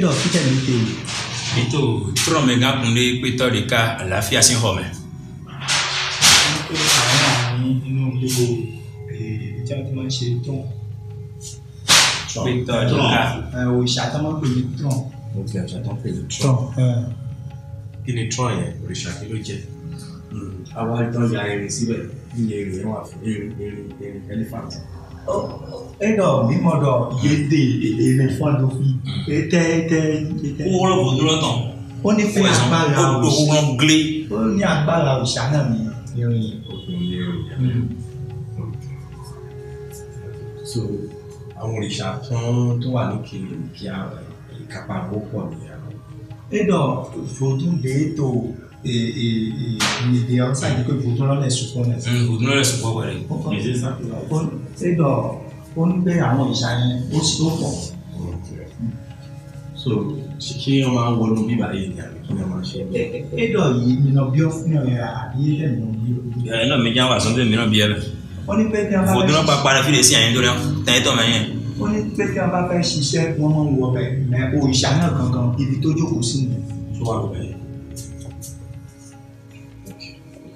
eɖɔ fitɛ mi te. mito trɔmɛ gã kun ɖe kpetɔ ɖeka àlàáfíà sí xɔmɛ. inú gbogbo ìjà tó máa ń ṣe tán. kpetɔ ɖeka. òòṣà tó máa ń pè ní tán. ok òòṣà tó ń pè ní tán. Eh. kí ni tán yẹn òòṣà kí ló jẹ. Hmm, àwa tán ya irin síbẹ̀ iye irin wà fún irin irin elephant eɖɔ mimɔ ɖɔ yede ele fɔdo fi ete ete ete. wo wọlé wòdúró tán. ó ní fún agbára o ó wọ́n gblé. ó ní agbára o sànà mi. so àwọn òrìṣà tán tó wà lókè kí a ìkápá àwọn pọ̀ nìyàwó. eɖɔ fòdú de tó un'idea, sai di cui Gudrun le suppone. Gudrun le suppone quelli. Credo, con bẹ àwọn ìṣà yẹn ó sì tó pọ̀. So kí wọ́n máa ń wọnú bíbá yìí ni àbí kí wọ́n máa ṣe é. Ẹ̀dọ̀ yìí ni lọ bí ó fún ẹ̀rọ àbí ẹ̀dẹ̀ mi ò bí ó. Ẹ̀yin náà mi já wà sọ́dọ̀ mìíràn bí ẹ bẹ̀. Wọ́n ní pé kí wọ́n bá fẹ́. Fòdúrà pa para fìdí sí àyín lórí ẹ̀yìn tó máa yẹn. Wọ́n ní pé kí wọ́n bá fẹ́ ṣiṣẹ́ wọ́n máa ń wọ bẹ̀ mẹ́ òòṣà náà gangan ibi tó jókòó sí ni. Tó wà lọ bẹ̀yẹn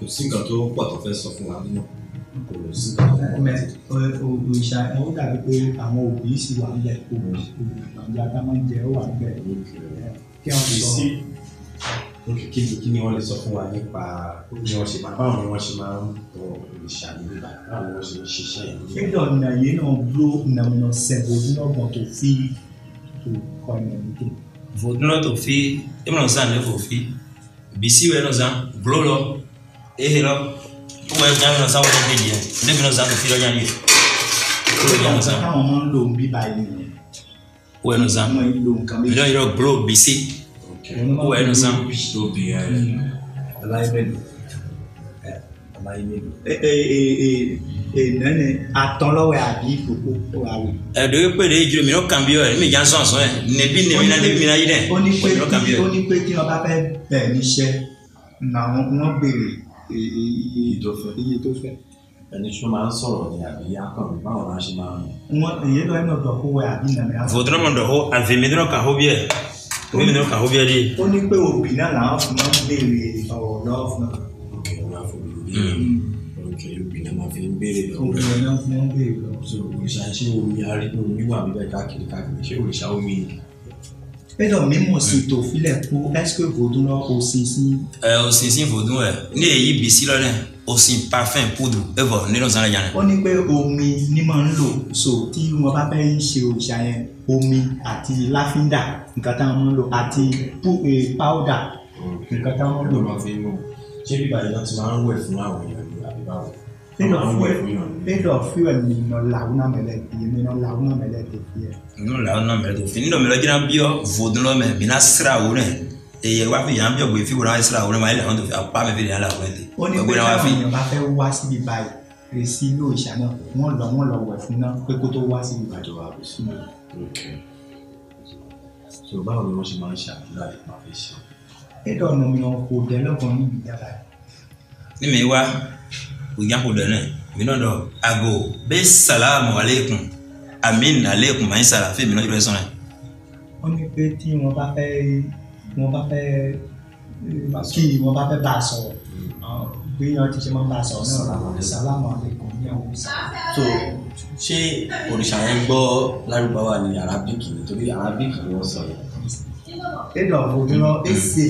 kò sí nǹkan tó pọ̀ tó fẹ́ sọ fún wa nínú kò sí nǹkan tó pọ̀ tó fẹ́ sọ fún wa. òrìṣà ẹ̀ ó dàbí pé àwọn òbí sì wà ń bẹ̀ òrìṣà tá máa ń jẹ ó wà ń bẹ̀ kí wọ́n sọ. kí ni kí ni wọ́n lè sọ fún wa nípa bí wọ́n ṣe máa báwo ni wọ́n ṣe máa ń tọ òrìṣà nígbà báwo ni wọ́n ṣe ń ṣiṣẹ́ yìí. fídọ̀ nàyé náà ló nàmínà sẹ̀bù ọdúnlọ́gbọ̀n tó fi tó kọ́ ẹ̀ vodunlɔ tofi emlɔ zã le vofi bisiwɛ nɔ zã gblo lɔ ehe lɔ wúwo ẹgbẹ́ mi náà sáwọn ọmọ kejì yẹn débi náà sáwọn fi lọ́jà yìí. káwọn máa ń lo bí báyìí nìyẹn. wúwo ẹnu sàn mílíọ̀nù yìí lọ gbúrò bìsí wúwo ẹnu sàn. nane atɔlɔwɛ abi koko awo. ɛdɔ yɛ pɛlɛ edzro mi n'o kan bi yɔ yɛ mi jan sɔn sɔn yɛ nebi nemi na nebi mi na yi dɛ. onípe tí wọn bá fẹ́ bẹ̀ níṣẹ́ na wọn gbèrè iye tó fẹ́ iye tó fẹ́. ẹni tí wọ́n máa ń sọ̀rọ̀ ni àbí akọ̀wé báwo la ṣe máa ń. wọn èyí lọ inú ọdọ kó wẹ àbí nàmẹ. vòdúrà mọ̀ dọ̀hó àfẹ̀mídúrà kà ó bíẹ̀ mímídúrà kà ó bíẹ̀ dé. ó ní pé òbí náà làwọn fi máa ń béèrè ọ̀rọ̀ lọ́wọ́ fún ọ. ok wọn á fọ òbí òkè òbí náà máa fi ń béèrè lọ́wọ́. òbí náà fi ń béèrè lọ́wọ́. òrìṣà ṣé omi arí omi wà káàkiri káàkiri ṣé òrìṣà omi Pedro, même aussi to filet pour est-ce que Vaudou là aussi si Euh aussi si Vaudou eh. èyí bi si lo ne. parfum poudre e vo ni lo san yan. Ó ní pé omi ni máa ń lò so tí wọ́n bá fẹ́ ṣe òrìṣà yẹn omi àti lavender nǹkan tá máa ń lò àti e, powder nǹkan tá máa ń lò. Ṣé bíbá ìlànà ti máa ń wẹ̀ fún àwọn èèyàn ní àbí 呢個書呢個書係面我老那咪嚟啲，面我老那咪嚟啲嘅。面我老那咪嚟啲，呢度咪嚟啲人標，扶到咪面那石頭咧。èyí wá fi yàn bí ọgbẹ ìfi wúlò àìsàn àwọn ọmọ ilé àwọn tó fi apá mi fi lè yàn láwọn ẹdẹ. ó ní pé káwọn èèyàn bá fẹ́ wá síbi báyìí rèsí ilé òòṣà náà wọ́n lọ wọ́n lọ wẹ̀ fún náà pé kó tó wá síbi ìbàdàn wa kò sí mọ́. so báwo ni wọ́n ṣe máa ń ṣàdúrà yìí máa fi ṣe. ẹ̀dọ̀ ọ̀nà mi ò kò dẹ́ lọ́kàn níbi yàrá. ní mi wá o yanko dɛnɛ minɛn dɔ ago bɛ salamu aleykum amin aleykum ayi sara fi minɛn yɛrɛ sɔn yɛ. wọ́n ní pé tí wọ́n bá fẹ́ wọ́n bá fẹ́ kí wọ́n bá fẹ́ bá a sọ̀rọ̀ bí wọ́n ti ṣe máa ń bá a sọ̀rọ̀ náà salamu aleykum ní àwọn so ṣé òrìṣà yẹn gbọ́ lárúbáwá ni arabic nítorí arabic ni wọ́n sọ yẹn. ẹ̀dọ̀ òdúrọ̀ mm. èsì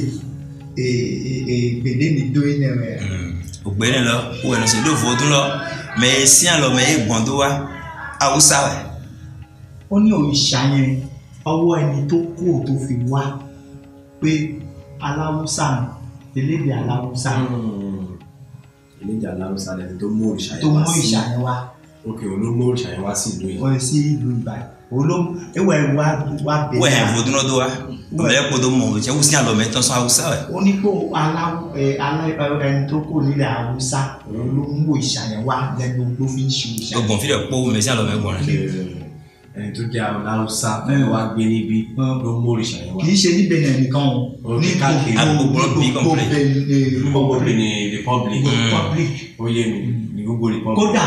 ègbèdé ni dóyìn rẹ̀. Mm ògbẹ́ni lọ òwẹ̀nà sọ̀dọ̀ fòótún lọ mẹ̀ẹ́ sí àlọ́ mẹ̀ẹ́ gbọ̀n tó wá haúsá rẹ̀. ó ní òrìṣà yẹn ọwọ́ ẹni tó kú ò tó fi wá pé aláwùsá ni elédè aláwùsá. Hmm, elédè aláwùsá lẹni tó mú òrìṣà yẹn wá sí ìlú yìí olo ewa ewa wa bẹ. wẹ vodunɔ do wa ọmọdé kó do mọ wusi alɔ mɛ tɔnsɔn awusa wɛ. ó ní kó ala ɛ ala ɛ tó kó nílẹ̀ awusa ló ń wo ìṣàyẹ̀ wa lẹ́nu ló fi ń ṣe ìṣàyẹ̀. o gbọ̀n fi dẹ̀ kó mɛsí alɔ mɛ gbọ̀n rẹ. ẹni tó jẹ́ àwọn awusa fẹ́ẹ́ wá gbé níbí ló ń wo ìṣàyẹ̀ wa. kì í ṣe ní benin nìkan o ní káàkiri gbogbo ó ní gbogbo republic. kódà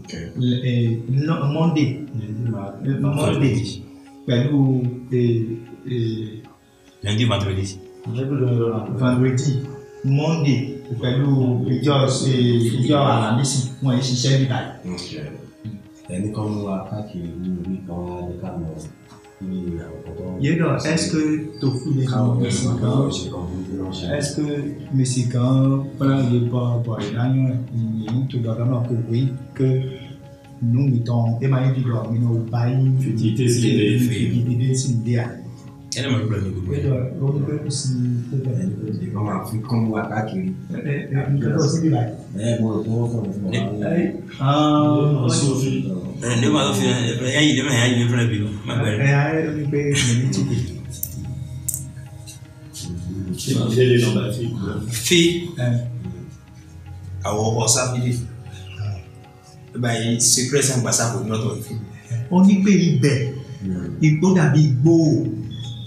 okay. eh, no, Monday Monday pẹ̀lú eh, eh, lundi vendredi vendredi Monday pẹ̀lú ìjọ eh, ìjọ alamisi wọn yìí ṣiṣẹ́ nígbà yìí. ẹnì kan wá káàkiri ní orí kan ní ká est-ce que tofu les mexicain est-ce que mexicain les a tout que nous mettons du nous elle m'a de ne ma fi ẹ yi ne ma ya yi mi fana bi o ma bẹrẹ. ẹ yà ẹ mi pe mẹni ti bi. fi awọ ọsàfìdì báyìí secret and gbasafo ní ọ̀tọ̀ ìfi. ó ní pé ibẹ̀ igbó dàbí igbó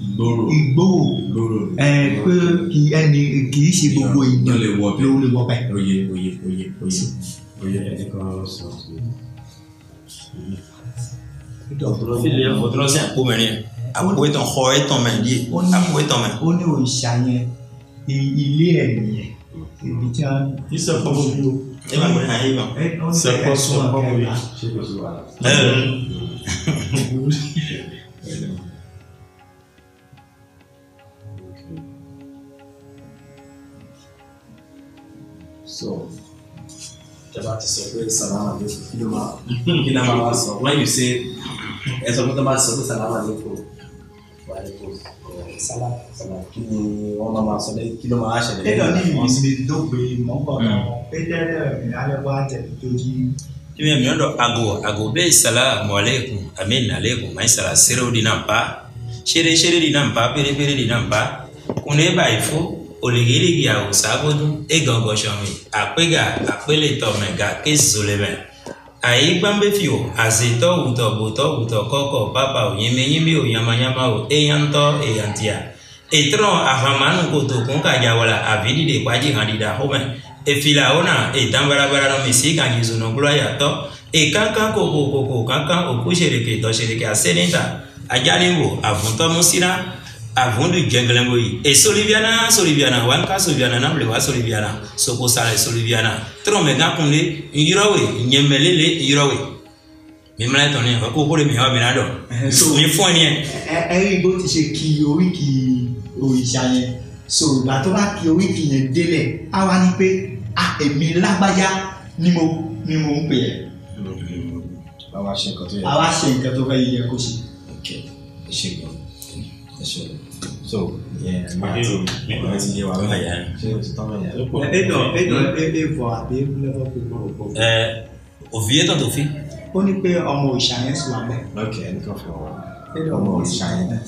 ìgbòrò ìgbòrò ẹ pé kì ẹni kì í ṣe gbogbo ìgbòrò ló lè wọ bẹ́ẹ̀. oyè oyè oyè oyè oyè ẹ ti kọ́ sọ̀rọ̀ fotona se àpò mẹ́rin yẹn àpò ìtàn xɔ ìtàn mẹ di àpò ìtàn mẹ. ó ní òòṣà yẹn ilé ẹ̀ nìyẹn ibi tí a. isẹ kọfọ bi o. e ma gbẹdẹ ayi ma. sẹ kọsọ kọfọ bi. So tẹ́lá ti sọ pé sàlámà lè kó kí ló máa kí ló máa wá sọ when you say ẹ sọ pé tó máa sọ pé sàlámà lè kó wà lè kó sàlámà sàlámà kí ni wọ́n máa máa sọ lé kí ló máa ṣẹlẹ̀. tẹ́lọ̀ ní ìwọ̀n sì dógbe mọ́kọ̀ náà hmm. pé tẹ́lẹ̀ ìyálẹ̀ wá tẹ̀lé tó jí. Tumi mi yɔn dɔ ago ago bɛ salamu aleykum amin aleykum mayi sara serew di na ba seere seere di na ba perepere di na ba kun ne b'a ye fo oligiligi awusagodu egɔgɔsɔmi akpega akpeletɔmega kesoleme ayigbãmbefio azitɔ wutɔ botɔ wutɔ kɔkɔ papa o yimenyime o nyamanyama o eyãntɔ eyantia etrɔ ahamanu koto kun kadzawala avidi de kpadzi hãɖiɖa xome efila wona etan barabara nɔ misi kanyi zonɔglo ayatɔ ekankan kokokoko kankan okusereke tɔsereke aseneta adzaliwo avuntɔmusira avundu jɛngɛlɛn bo ye soliviana soliviana wa soliviana na wuli soliviana soko sara soliviana tɔrɔmɛ gan kun de yɔrɔwe ɲɛmɛlɛ le yɔrɔwe mímlẹ tɔni yɛ ko kó de mi yɔ mi na dɔn so mi fɔ n yɛ. ɛri bó ti ṣe kí orí kì í òrìṣà yẹn so ìgbà tó bá kí orí kì í yẹn délẹ̀ á wá ní a èmi lágbájá ni mo ni mo ń pè yẹ. àwa ṣe nǹkan tó yẹ kó ṣe. àwa ṣe nǹkan tó fẹ́ yẹ kó ṣe. ok ẹ ṣe so ìyẹn máa ti máa ti yé wa báyà ṣé o ti tán báyà. ẹnà ẹnà ẹbọ àbí lẹfọ pé mo rò pọ. ẹ òfìyétọ̀ tó fi. ó ní pé ọmọ òòṣà yẹn sùn abẹ. lọ́kì ẹni kan fi ọwọ́ ọmọ òòṣà yẹn náà.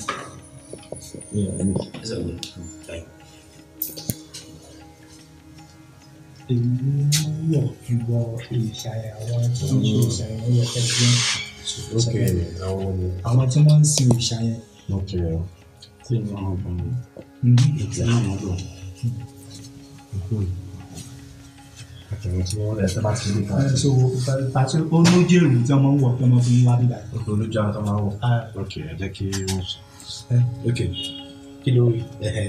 èyí yọ̀ ju wọ ìṣàyà àwọn tó ń ṣe ìṣàyà wọn yẹ fẹ́ bí wọ́n. àwọn tí wọ́n ń sin òòṣà yẹn sínú ọgbọ̀n ètò àwọn ọdọ àtẹ̀wé tí wọ́n lẹ̀ sábà ti rí ká. so pàṣẹ olójèrú tí wọ́n máa ń wọ̀ tí wọ́n máa fi ń wá bíbá. olójàrú tí wọ́n máa ń wọ̀. ok ẹ jẹ́ kí wọ́n sọ. ok kí ló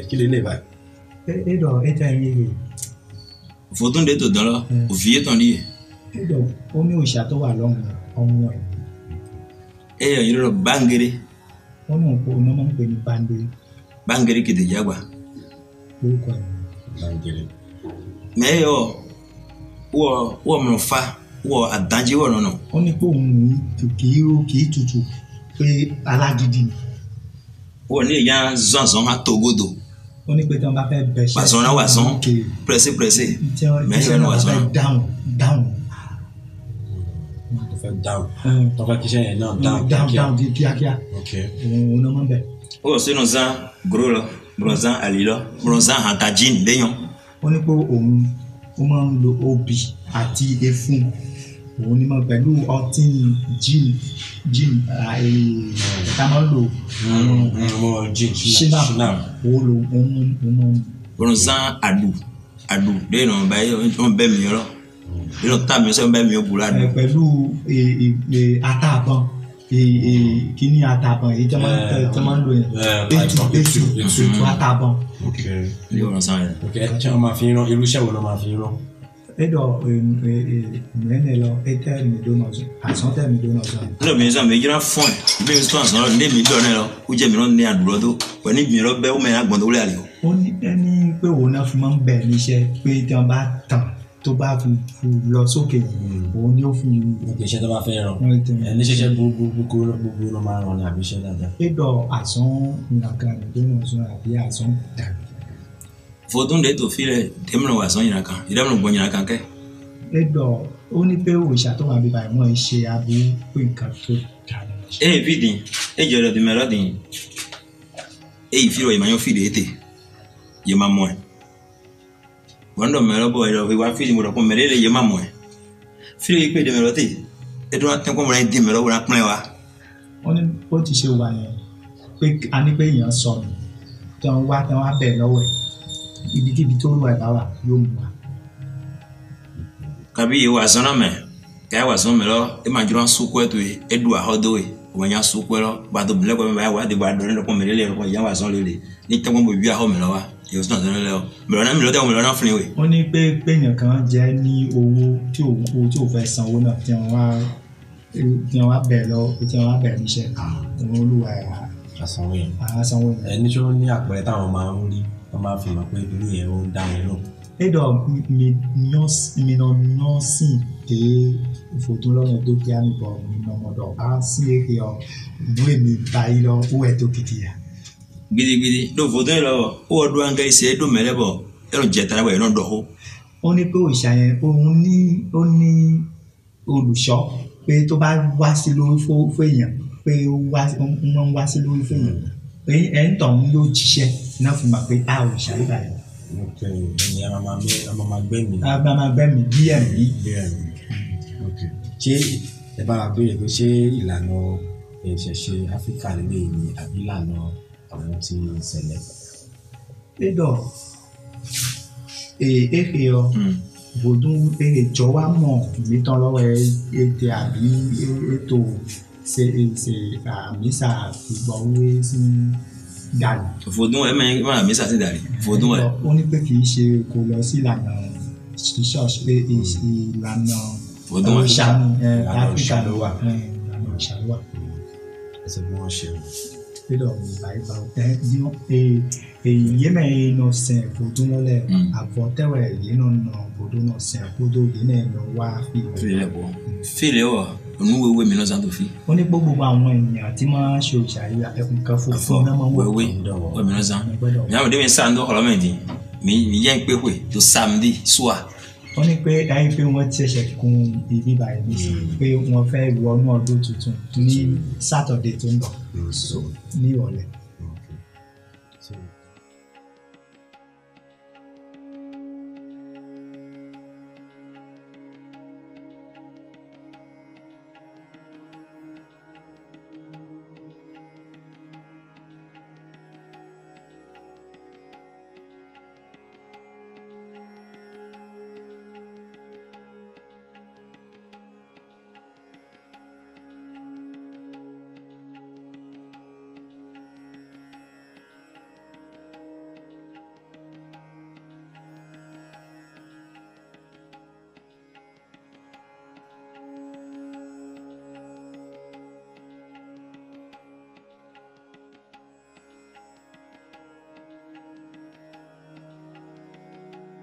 kí ló lè báyìí. e dọ̀ e ta iye yìí. Fotunde tó dọ́rọ́ òfìyé tán níyì. ó ní òòṣà tó wà lọ́hùn ọmọ rẹ̀. e yàn yìí lọ bá ń gere wọn náà pọ ọmọ máa ń pè ní bangere. bangere kìtì jágbà. orúkọ àwọn. bangere. mẹ́yọ̀ wọ wọ mọ̀fà wọ àdájẹ́ wọ̀ nọ̀nà. wọ́n ní pé òun kì í ro kì í tutù pé alágídí ni. wọ́n ní ìyá zanzan máa togodo ó ní pé tí wọn bá fẹ́ bẹṣẹ. wàsán náà wàsán pẹrẹsì pẹrẹsì mẹ́rin wàsán. tí wọn bá fẹ́ dáhùn dáhùn fẹ́ dáhùn hmm. tó fẹ́ kíṣẹ́ yẹn náà dáhùn kíákíá dáhùn kíákíá òun náà máa ń bẹ̀. ó sínú zan goro lọ bùrọ̀ zan àlè lọ bùrọ̀ zan àtàjìn léyàn. wọ́n ní pé òun ó máa ń lo obì àti efun òun ni mo pẹ̀lú ọtí gin gin ẹ̀ta máa ń hmm, hmm, lo ṣínà òun lo òun máa ń. bùrọ̀ zan àlù àlù lẹ́yìn ọ̀nà báyìí nínú tá mi sẹ́yìn bẹ́ẹ̀ mi ò búra ni. pẹ̀lú ataban kíní ataban èyí tí wọ́n eh, ń lò yẹn ètù ètù ètù ataban. ilé ìwòran sáwọn yẹn. ok ẹ ṣe wọn máa fi rán irú iṣẹ́ wo ló máa fi rán. edo mẹ́rin e, e, lọ ẹtẹ́ mi ló náà sọ àsán tẹ́ mi ló náà sọ. lọ́dọ̀ mi sọ mi ìjọba fún ẹ̀ bí mi sọ àsán ní mi dọ̀ náà lọ ó jẹ́ mi náà ní àdúrà tó wọ́n ní mi bẹ́ẹ̀ ó mẹ́rin àgbọ̀n tó wúlẹ̀ àlè tó bá fi lọ sókè hmm. òun ni ó fi. òkè iṣẹ́ tó bá fẹ́ ràn ẹni ṣiṣẹ́ gbogbo gbogbo ló máa ràn ní àbí iṣẹ́ dáadáa. pédọ̀ àsán ìrànkan ìdóhùn sọ àbí àsán dàbí. fotun de to filẹ dẹmìnà wà sán ìrànkan ìdẹmìnà gbọ ìrànkan kẹ. pédọ̀ ó ní pé òòṣà tó wà bí báyìí wọ́n ṣe aburú pé nǹkan tó dàbí. èyí fìdí èyí ọ̀dọ̀ bí mẹ́rọ̀dín èyí fìrọ̀ ìmọ̀ yóò fìdí ètè yóò máa mọ̀ ẹ́ wẽndõ me bo wa fɩɩs mo kõ me rele yema moẽ fɩɩg kpe de me lo tɩ d wa tẽ kõ mo ra dĩ me lo wʋra kplẽ wa wọ́n ní bó ti ṣe wà yẹn pé a ní pé èèyàn sọnù tí wọ́n wá tí wọ́n á bẹ̀rẹ̀ lọ́wọ́ ẹ̀ ibikíbi tó wà bá wà yóò mú wa. kabi yi wa zɔnna mɛ k'a wa zɔn mɛ lɔ e ma jɔrɔ sukuɛ to ye e du a hɔ do ye nya sukpɛ lɔ bato bilɛ kɔ mɛ wa de ba dɔn lɛ kɔ kɔ yan wa sɔn lɛ ni tɛgbɔn bɛ wia hɔ mɛ wa yóò sɔn sɔn lɛ o mɛ lɔ náà mi tɛ o mɛ lɔ fili o. ó ní pé pé yàn jẹ ní owó tí o o tí o fẹ́ san owó náà tí wọn wá tí wọn wá bẹ̀ lọ tí wọn wá bẹ̀ níṣẹ́ òun olúwa ẹ̀ àsanwó yẹn àsanwó yẹn. ẹni tí ó ní àpẹẹrẹ táwọn máa ń rí wọn máa fi mọ̀ pé inú yẹn ó ń dá mi mi ke fotolɔnyɔ do ke ami bɔ nɔnɔmɔdɔ ba si ye ke yɔ nu emi ba yi lɔ wo ɛto kiti ya. gidigidi do fotolɔnyɔ lɔ wo do an ka ise do mɛlɛ bɔ yɔrɔ jɛtara bɔ yɔrɔ dɔ ko. ó ní pé òòṣà yẹn òun ní ó ní olùṣọ́ pé tó bá wá sí lórí fó fó èèyàn pé ó wá ó máa ń wá sí lórí fó èèyàn pé ẹ̀ ń tọ̀hún yóò jíṣẹ́ náà fún ma pé a òòṣà yìí báyìí. ok ẹni a máa gbẹ́ mi. a máa gbẹ́ mi bí ẹ̀mí. bí ṣé ẹ bá wa béèrè pé ṣé ìlànà ìṣẹ̀ṣe áfíríkà lè ní àbí ìlànà àwọn tí ń ṣẹlẹ̀. Edo ee ehe yɔ bodu ehe tsɔ wa mɔ mitɔ lɔ wɛ ete abi eto se se amisa gbɔwue si dari. fodun ɛ mɛ ɛ mɛ amisa si dari fodun ɛ. ó ní pé kì í ṣe kò lọ sí ìlànà ṣíṣọ́ọ̀ṣì eh, ìlànà odò ọ̀ṣà ìlànà ọ̀ṣà ló wà ìlànà ọ̀ṣà ló wà. ẹsẹ̀ bí wọ́n ṣe rò. pílọ̀ ìbàdàn yémẹ̀ inú sẹ̀ fòdúmọ́lẹ̀ àbọ̀tẹ́wẹ̀ yénà nà fòdúmọ̀ sẹ̀ fòdó yénà ẹ̀yọ wá fìlẹ̀. Hmm. fìlẹ̀ wọ̀ fìlẹ̀ wọ̀ onuwewe mi lọ́sàn tó fi. ó ní gbogbo àwọn èèyàn àti máa ṣe òṣà yìí ẹkùn kan fún fún náà máa wọ wẹwẹ wẹ mi lọ́sàn. mi àwọn ọdẹ mi sàn tó ọlọmọdé mi yẹn pé pé tó sàm dì sùà wọ́n ní pé ẹ̀yìn pé wọ́n ti ṣẹ̀ṣẹ̀ kun ibi báyìí nísìnyí mm. pé wọ́n fẹ́ wọnú ọdún tuntun ní mm. sátọ̀dẹ̀ tó ń bọ̀ mm. ní ìrọ̀lẹ́.